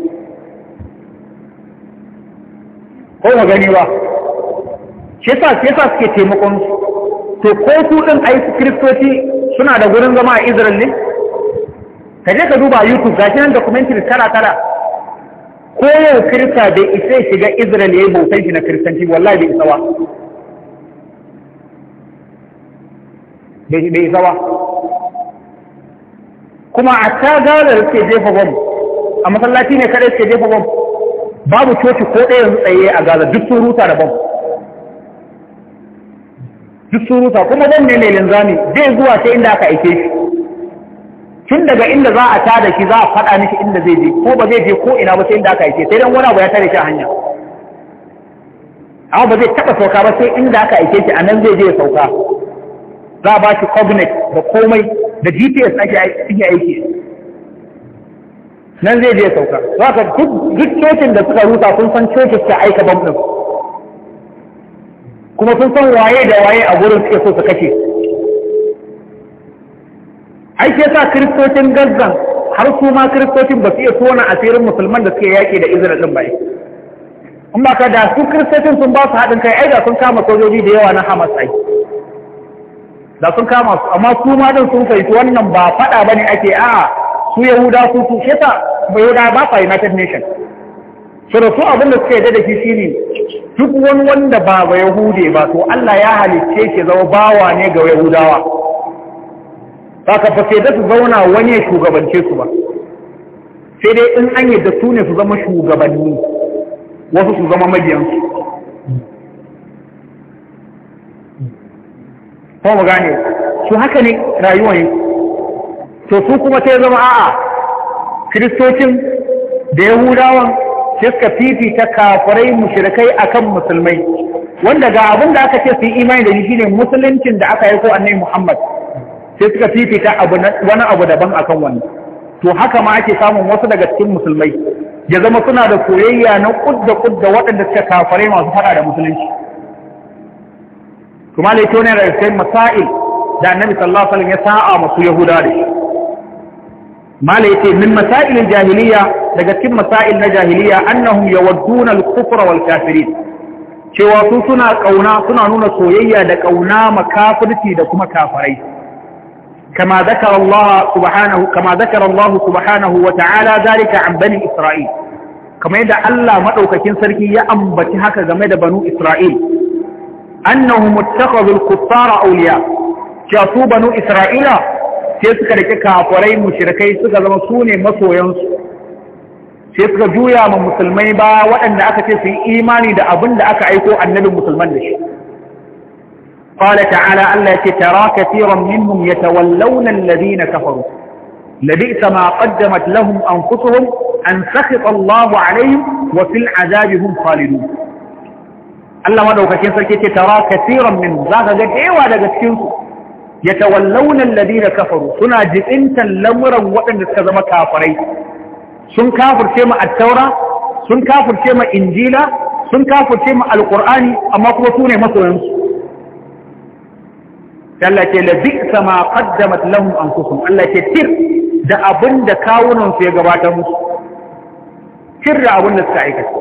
ko mu gani ba shi sa shi sa suke taimakon su to ko su ɗin aiki kiristoci suna da gurin zama a Israel ne ka je ka duba youtube gashi nan documentary kala kala ko yau kirista bai isa shiga israel ya yi bautan shi na kiristanci wallahi bai isawa? bai isawa? kuma a ta galar suke jefa bom a masallaci ne kadai suke jefa bom babu coci ko ɗaya yanzu tsaye a gaza duk sun ruta da bom duk sun ruta kuma bom ne mai linzami zai zuwa sai inda aka aike shi tun daga inda za a tada shi za a faɗa miki inda zai je ko ba zai je ko ina ba sai inda aka aike sai dan wani abu ya tare shi a hanya amma ba zai taɓa sauka ba sai inda aka aike shi a nan zai je ya sauka za a ba shi cognate da komai da gps ake aiki nan zai je sauka za ka duk cocin da suka rusa sun san cocin ta aika bam kuma sun san waye da waye a gurin suke so su kashe ai ke sa kristocin gazzan har su ma kristocin ba su iya tona asirin musulman da suke yaƙi da izinin din ba in ba ka da su kristocin sun ba su haɗin kai ai da sun kama sojoji da yawa na Hamas ai da sun kama su amma su ma din sun fahimci wannan ba faɗa ba ne ake a'a su Yahuda su su shi ta Yahuda ba sa United Nation su da su abin da suka yadda da shi shine duk wani wanda ba ba Yahude ba to Allah ya halicce shi zama bawa ne ga Yahudawa ba ka fa da su zauna wani ya shugabance su ba sai dai in an yadda su ne su zama shugabanni wasu su zama magiyansu Kuma mu gane su haka ne rayuwa ne to su kuma sai zama a'a kiristocin da yahudawan sai suka fifita kafirai mushrikai akan musulmai wanda ga abin da aka ce su yi imani da shi ne musuluncin da aka yi ko annabi Muhammad sai suka fifita wani abu daban akan wani to haka ma ake samun wasu daga cikin musulmai ya zama suna da soyayya na kudda kudda waɗanda suka kafare masu fada da musulunci kuma to ne da sai masail da annabi sallallahu alaihi wasallam ya sa'a masu yahuda da shi mala yace min masailin jahiliya daga cikin masail na jahiliya annahum yawadduna al-kufra wal kafirin cewa su suna kauna suna nuna soyayya da kauna makafirci da kuma kafarai كما ذكر الله سبحانه كما ذكر الله سبحانه وتعالى ذلك عن بني إسرائيل كما يدعى الله مدوكين سركي يا أنبتي هكا كما يدعى بنو إسرائيل أنهم اتخذوا الكفار أولياء شافوا بنو إسرائيل سيسكر كافرين مشركين سكر مسوني مسو ينسو sai suka juya ma musulmai ba waɗanda aka ce su yi imani da abin da aka aiko annabin musulman da shi قال تعالى ألا ترى كثيرا منهم يتولون الذين كفروا لبئس ما قدمت لهم أنفسهم أن سخط الله عليهم وفي العذاب هم خالدون Allah madaukakin sarki ce tara kasiran min za ka ga dewa daga cikin su yatawallawna alladhina kafaru suna jibintan lamuran waɗanda suka zama kafarai. sun kafurce mu at-taura sun kafurce mu injila sun kafurce mu alqur'ani amma kuma su ne Allah ke la bi'sa sama qaddamat lahum anfusuhum Allah ce tir da abin da kawunan su ya gabata musu tir da abin da suka aikata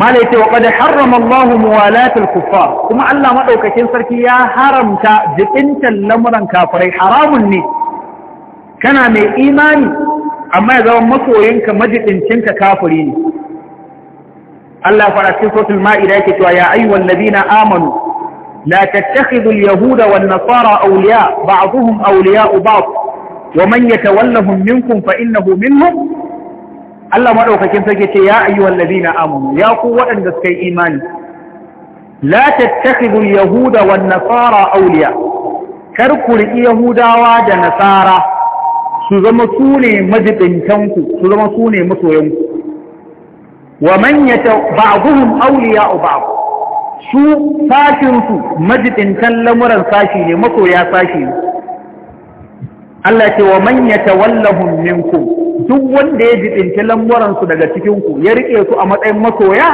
malai ce wa qad harrama Allahu muwalatul kuffar kuma Allah madaukakin sarki ya haramta jibintan lamuran kafirai haramun ne kana mai imani amma ya zama masoyinka majidincinka kafiri ne Allah ya fara cikin suratul ma'ida yake cewa ya ayyuhal ladina amanu la tattakhidul yahuda wan nasara awliya ba'dhum awliya'u ba'd wa man yatawallahum minkum fa innahu minhum Allah madaukakin sarki ce ya ayyuhal ladina amanu ya ku waɗanda suka yi imani la tattakhidul yahuda wan nasara awliya kar ku riƙi yahudawa da nasara su zama su ne majibintanku su zama su ne masoyanku wa man yata ba'dhum awliya'u su sashin su majidintan lamuran sashi ne makoya sashi ne Allah ce wa man yatawallahum minkum duk wanda ya jibinci lamuransu daga cikinku ya rike su a matsayin masoya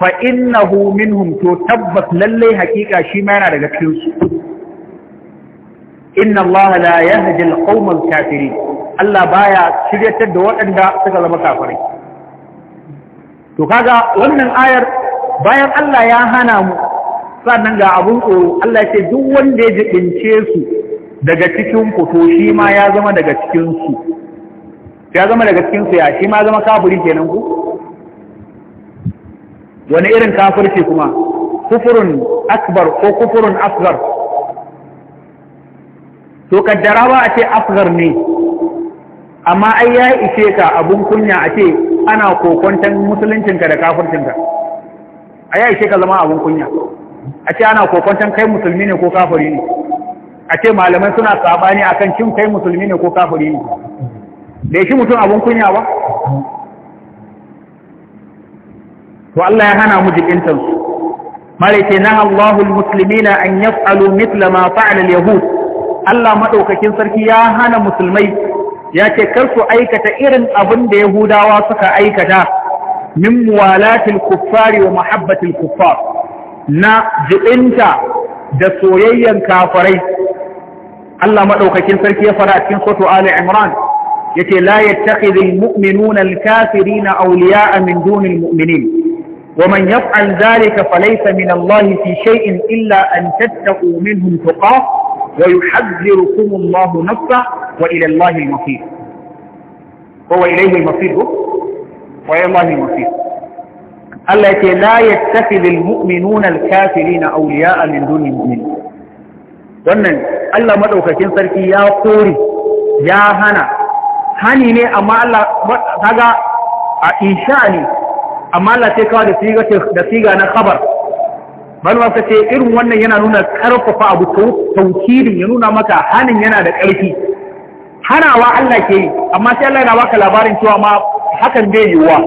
fa innahu minhum to tabbas lallai hakika shi ma yana daga cikin su inna Allah la yahdi al-qawma al-kafirin Allah baya shiryatar da waɗanda suka zama kafirai to kaga wannan ayar bayan Allah ya hana mu sannan ga abun tsoro Allah ya ce duk wanda ya jibince su daga cikin ku to shi ma ya zama daga cikin su ya zama daga cikin su ya shi ma zama kafiri kenan ku wani irin kafirci kuma kufurun akbar ko kufurun asghar to kaddara ba a ce asghar ne amma ai ya ishe ka abun kunya a ce ana kokwantan musuluncinka da kafircinka a yayi ce ka zama abin kunya a ce ana kokwantan kai musulmi ne ko kafiri ne a ce malamai suna sabani akan kin kai musulmi ne ko kafiri ne da shi mutum abin kunya ba to Allah ya hana mu jikintar su malaike na Allahul muslimina an yaf'alu mitla ma fa'ala al-yahud Allah madaukakin sarki ya hana musulmai ya ce kar su aikata irin abin da yahudawa suka aikata min muwalatil kuffari wa muhabbatil kuffar na jibinta da soyayyan kafirai Allah madaukakin sarki ya fara cikin soto Ali Imran yace la yattakhidhul mu'minuna al-kafirina awliya'a min dunil mu'minin ومن يفعل ذلك فليس fi shai in شيء إلا أن تتقوا منهم تقاه ويحذركم الله نفسه وإلى الله المصير هو إليه المصير وإلى الله المصير التي لا يتخذ المؤمنون الكافرين أولياء من دون المؤمنين wannan الله madaukakin sarki ya kore يا hana hani ne amma Allah kaga a insha ne amma Allah sai kawai da siga na khabar malama ka ce irin wannan yana nuna karfafa abu taukirin ya nuna maka hannun yana da ƙarfi hanawa Allah ke yi amma sai Allah yana baka labarin cewa ma hakan bai yiwuwa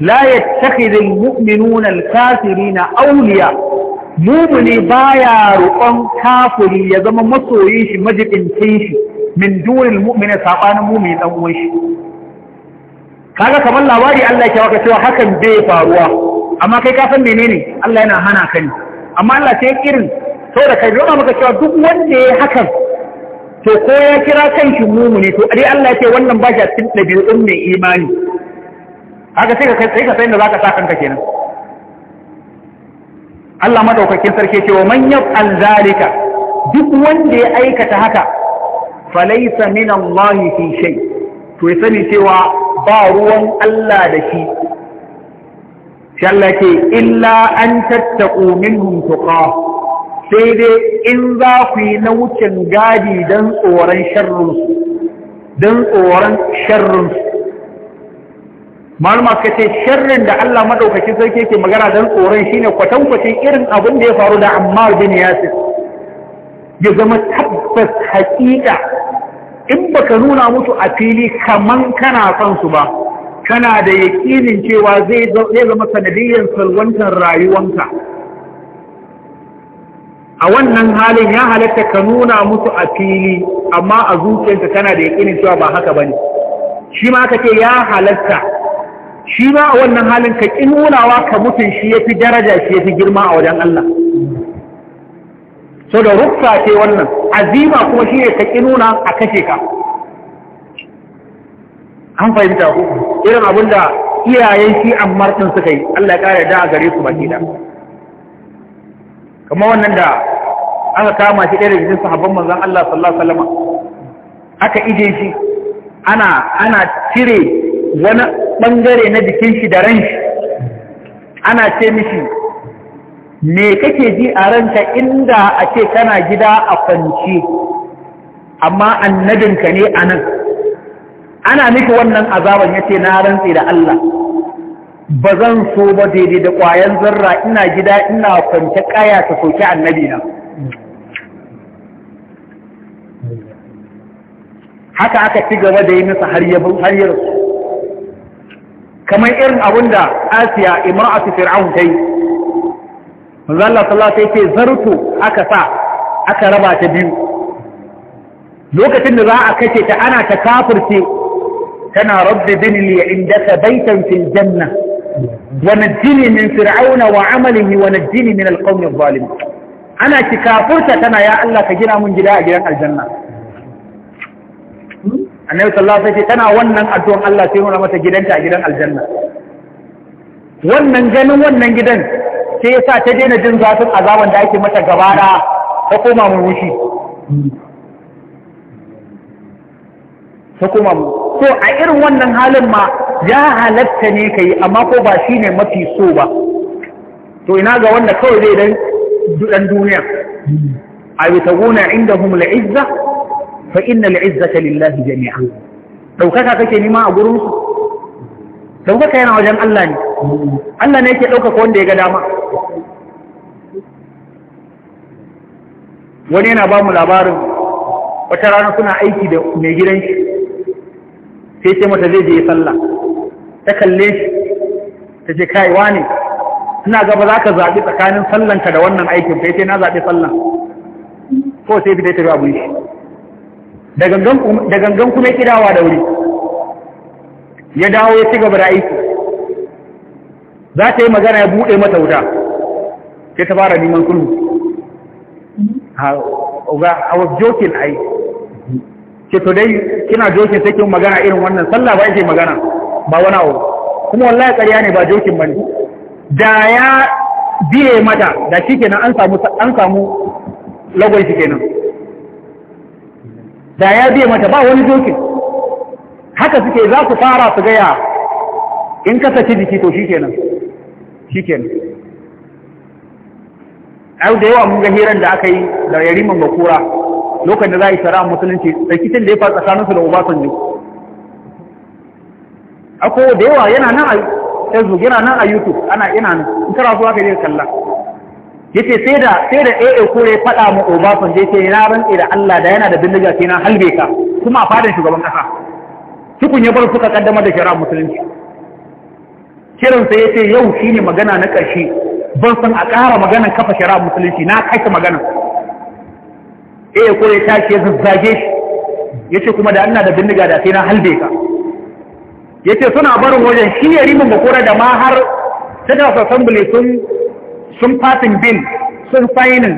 la yattakhidhu almu'minuna alkafirina awliya mumini baya roƙon kafiri ya zama masoyin shi majibincin shi min dunil mu'mina sabanin mumini dan uwan shi kaga kamar labari Allah ke baka cewa hakan bai faruwa amma kai ka san menene Allah yana hana ka ne amma Allah sai irin saboda kai roma maka cewa duk wanda ya hakan to ko ya kira kan shi mumu ne to dai Allah ya ce wannan ba shi a cikin ɗabi'un mai imani haka sai ka sai ka san da zaka sa kanka kenan Allah madaukakin sarki ce wa man yaf'al zalika duk wanda ya aikata haka falaisa min Allah fi shay to ya sani cewa ba ruwan Allah da shi Allah ke illa an tattaku minhum tuqa sai dai in za ku yi na wucin gadi don tsoron sharrunsu. don tsoron sharrunsu. malama ka ce sharrin da Allah maɗaukacin sarki yake magana don tsoron shine kwatankwacin irin abin da ya faru da Ammar bin Yasir ya zama tabbas haƙiƙa in baka nuna mutu a fili kaman kana son su ba kana da yakinin cewa zai zama sanadiyyar salwantar rayuwanka a wannan halin ya halatta ka nuna musu a fili amma a zuciyarka kana da yakinin cewa ba haka bane shi ma ka ce ya halatta shi ma a wannan halin ka ƙin nunawa ka mutum shi ya fi daraja shi ya fi girma a wajen Allah so da ruksa ce wannan azima kuma shi ne ka ƙi nuna a kashe ka an fahimta ku irin abin da iyayen shi ammar din suka yi Allah ya kare da a gare su baki da kamar wannan da aka kama shi ɗaya da sahabban manzon Allah sallallahu alaihi wasallam aka ije shi ana ana cire wani bangare na jikin shi da ran shi ana ce mishi me kake ji a ranka inda a ce kana gida a kwance amma annabinka ne a nan ana miki wannan azaban yace na rantse da Allah ba zan so ba daidai da ƙwayan zarra ina gida ina kwance kaya ta soki annabi na haka aka ci gaba da yi masa har har yaro kamar irin abinda asiya imra'atu fir'aun ta manzo Allah sallallahu alaihi wasallam zarto aka sa aka raba ta biyu lokacin da za a kace ta ana ta kafirce tana rabbi bin li indaka baitan fil janna wa najjini min fir'auna wa amalihi wa najjini min alqawmi adh-dhalimin ana ki kafurta tana ya Allah ka gina mun gida a gidan aljanna annabi sallallahu alaihi wasallam tana wannan addu'an Allah sai nuna mata gidanta a gidan aljanna wannan ganin wannan gidan sai yasa ta daina jin zafin azaban da ake mata gaba da ta koma murmushi ta koma to a irin wannan halin ma ya halatta ne ka yi amma ko ba shi ne mafi so ba to ina ga wanda kawai zai dan dudan duniya a yi ta gona inda hum la'izza fa inna ta lillahi jami'a ɗaukaka kake nima a gurinsu ɗaukaka yana wajen Allah ne Allah ne yake ɗaukaka wanda ya ga dama wani yana ba mu labarin wata rana suna aiki da mai gidan shi sai ce mata zai je sallah ta kalle shi ta ce kai wani ina gaba za ka zaɓi tsakanin sallanta da wannan aikin ba ce na zaɓi sallan ko sai fi ta abu shi da gangan kuma ya kidawa da wuri ya dawo ya ci gaba da aiki za ta yi magana ya buɗe mata wuta sai ta fara neman kulu a was joking aiki. ke to dai kina jokin sai kin magana irin wannan sallah ba yake magana ba wani abu kuma wallahi ƙarya ne ba jokin bane da ya biye mata da shikenan an samu an samu lagwai kenan da ya biye mata ba wani jokin haka suke za ku fara su gaya in ka saki jiki to shikenan shikenan ai da yawa mun ga hiran da aka yi da yariman bakura lokacin da za a yi shari'a musulunci rikicin da ya faru tsakaninsu da Obasanjo akwai da yawa yana nan a Facebook yana nan a YouTube ana ina nan in kara so aka je kalla yace sai da sai da AA kore fada mu Obasanjo yace na rantsi da Allah da yana da bindiga sai na halbe ka kuma a fadin shugaban kasa tukun ya bar suka kaddamar da shari'a musulunci kiran sai yace yau shine magana na karshe ban san a ƙara magana kafa shari'a musulunci na kashe magana eh ya kore tashi ya zazzage shi yace kuma da ina da bindiga da sai na halbe ka yace suna barin wajen shi ya rimin makora da ma har da Assembly sun sun fatin bin sun fainin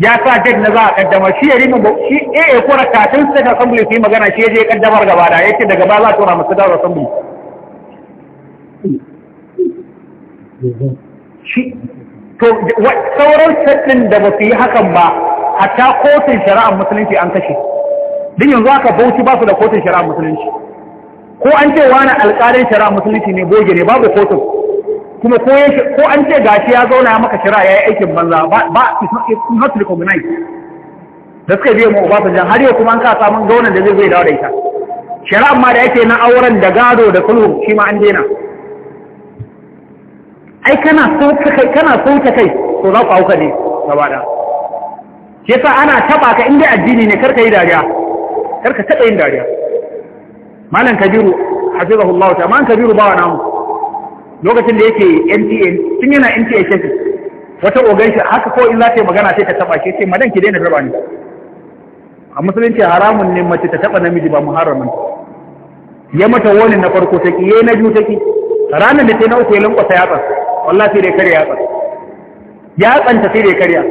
ya sa jet na za a kaddamar shi ya rimin shi eh ya eh, kore kafin da Assembly su yi magana shi ya je kaddamar gaba da yace daga ba za a tura masu da Assembly to sauran sattin da ba su yi hakan ba A ta kotun shari'ar musulunci an kashe din yanzu aka bauchi ba su da kotun shari'ar musulunci ko an ce wani alƙalin shari'ar musulunci ne boge ne babu kotun kuma ko ko an ce gashi ya zauna ya maka shari'a yayi aikin banza ba ba it's not recognized da suka biye mu Obasanjan har yau kuma an ka samun gaunan da zai zai dawo da ita shari'ar ma da yake na auren da gado da sulhu shi ma an daina ai kana sauka kai kana sauka kai to za ku hauka ne gaba da Ke sa ana taba ka inda addini ne karka yi dariya karka taba yin dariya malam kabiru hafizahullahu ta malam kabiru bawa namu lokacin da yake NTA tun yana NTA shafi. wata ogan shi haka ko in za ta yi magana sai ta taba shi sai madan ki daina raba ni a musulunci haramun ne mace ta taba namiji ba muharramin ya mata wani na farko take yayi na biyu take ranar da ta na uku ya lankwasa yatsa wallahi sai dai kare yatsa yatsanta sai dai kariya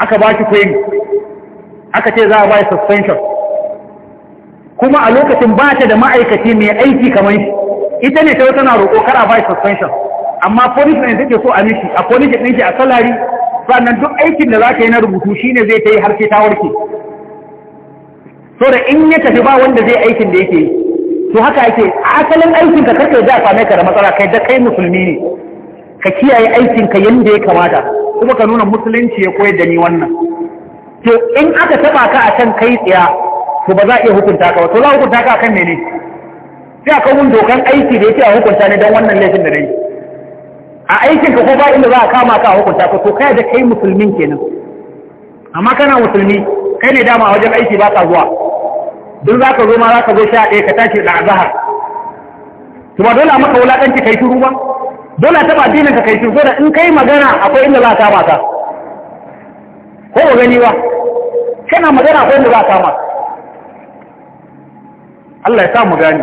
aka ba shi kweri aka ce za a ba shi suspension kuma a lokacin ba ta da ma'aikaci mai aiki kamar shi ita ne ta tana roƙo kar a ba shi suspension amma ne take so a mishi a police din shi a salari sannan duk aikin da za ka yi na rubutu shi ne zai ta yi har sai ta warke so da in ya tafi ba wanda zai aikin da yake yi to haka yake asalin aikin ka karka da same ka da matsala kai da kai musulmi ne ka kiyaye aikin ka yanda ya kamata kuma ka nuna musulunci ya koyar da ni wannan to in aka taba ka a akan kai tsiya to ba za a iya hukunta ka ba to za a hukunta ka kan mene sai a mun dokan aiki da ya ce a hukunta ne don wannan laifin da rai a aikin ka ko ba inda za a kama ka a hukunta ka to kai da kai musulmin kenan amma kana musulmi kai ne dama a wajen aiki ba ka zuwa duk za ka zo ma za ka zo sha ɗaya ka tashi da azahar to ba dole a maka wulaƙanci kai turu ba dole taba ba dinin ka kai shi ko in kai magana akwai inda za ka mata ko ba gani ba kana magana akwai inda za ka Allah ya sa mu gani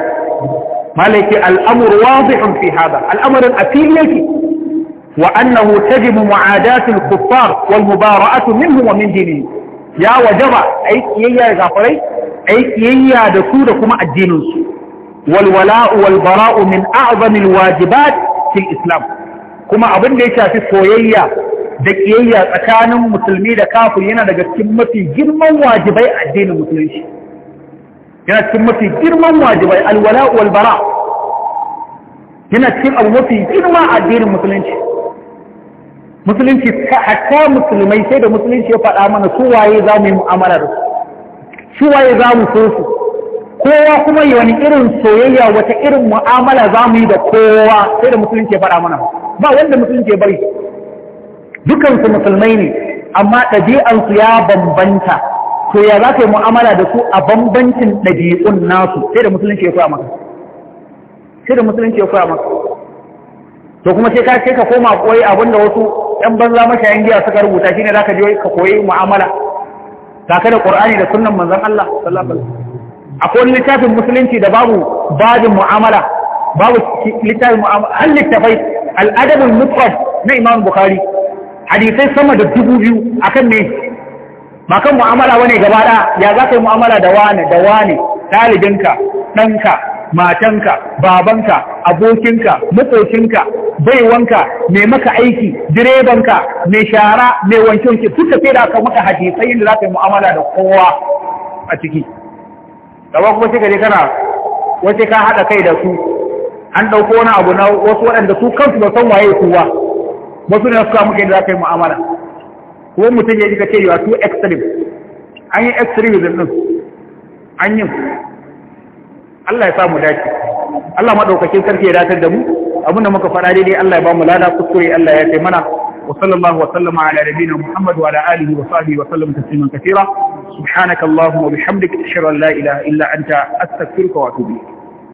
malaki al'amur wadihun fi hada al'amarin a fili yake wa annahu tajibu mu'adatul kuffar wal mubara'atu minhum wa min dinihim ya wajaba ai kiyayya da gafarai ai kiyayya da su da kuma addinin su wal wala'u wal bara'u min a'zamil wajibat cikin Islam kuma abin da ya shafi soyayya da ƙiyayya tsakanin musulmi da kafin yana daga cikin mafi girman wajibai a addinin musulunci yana cikin mafi girman wajibai alwala walbara, yana cikin abu mafi girma a addinin musulunci musulunci hatta musulmai sai da musulunci ya faɗa mana su waye za mu yi mu'amalar, su su waye za mu so su kowa kuma yi wani irin soyayya wata irin mu'amala za mu yi da kowa sai da musulunci ya faɗa mana ba wanda musulunci ya bari dukansu musulmai ne amma ɗabi'ansu ya bambanta to ya za ka yi mu'amala da su a bambancin ɗabi'un nasu sai da musulunci ya koya maka sai da musulunci ya koya maka to kuma sai ka ce ka koma koyi abin da wasu ɗan banza mashayan giya suka rubuta shine za ka je ka koyi mu'amala ka da ƙur'ani da sunan manzon Allah sallallahu alaihi wasallam akwai wani littafin musulunci da babu babin mu'amala babu littafin mu'amala an littafai al'adabin mutuwar na imam bukhari hadisai sama da dubu biyu a kan ne ba kan mu'amala wani gaba ɗaya ya za ka yi mu'amala da wane da wane ɗalibinka ɗanka matanka babanka abokinka makocinka baiwanka mai maka aiki direbanka mai shara mai wanke wanke duka fi da aka maka hadisai da za ka yi mu'amala da kowa a ciki gaba kuma shi gari kana wace ka haɗa kai da su an ɗauko wani abu na wasu waɗanda su kansu ba san waye su wasu ne suka muke da za ka yi mu'amala ko mutum ya ji ka ce yawa su extreme an yi extremism ɗin an yi Allah ya sa mu dace Allah madaukakin sarki ya datar da mu da muka faɗa daidai Allah ya ba mu lada kuskure Allah ya kai mana wa sallallahu wa sallama ala nabiyina Muhammad wa ala alihi wa sahbihi wa sallam tasliman kathira subhanakallahumma wa bihamdika ashhadu an la ilaha illa anta astaghfiruka wa atubu ilayk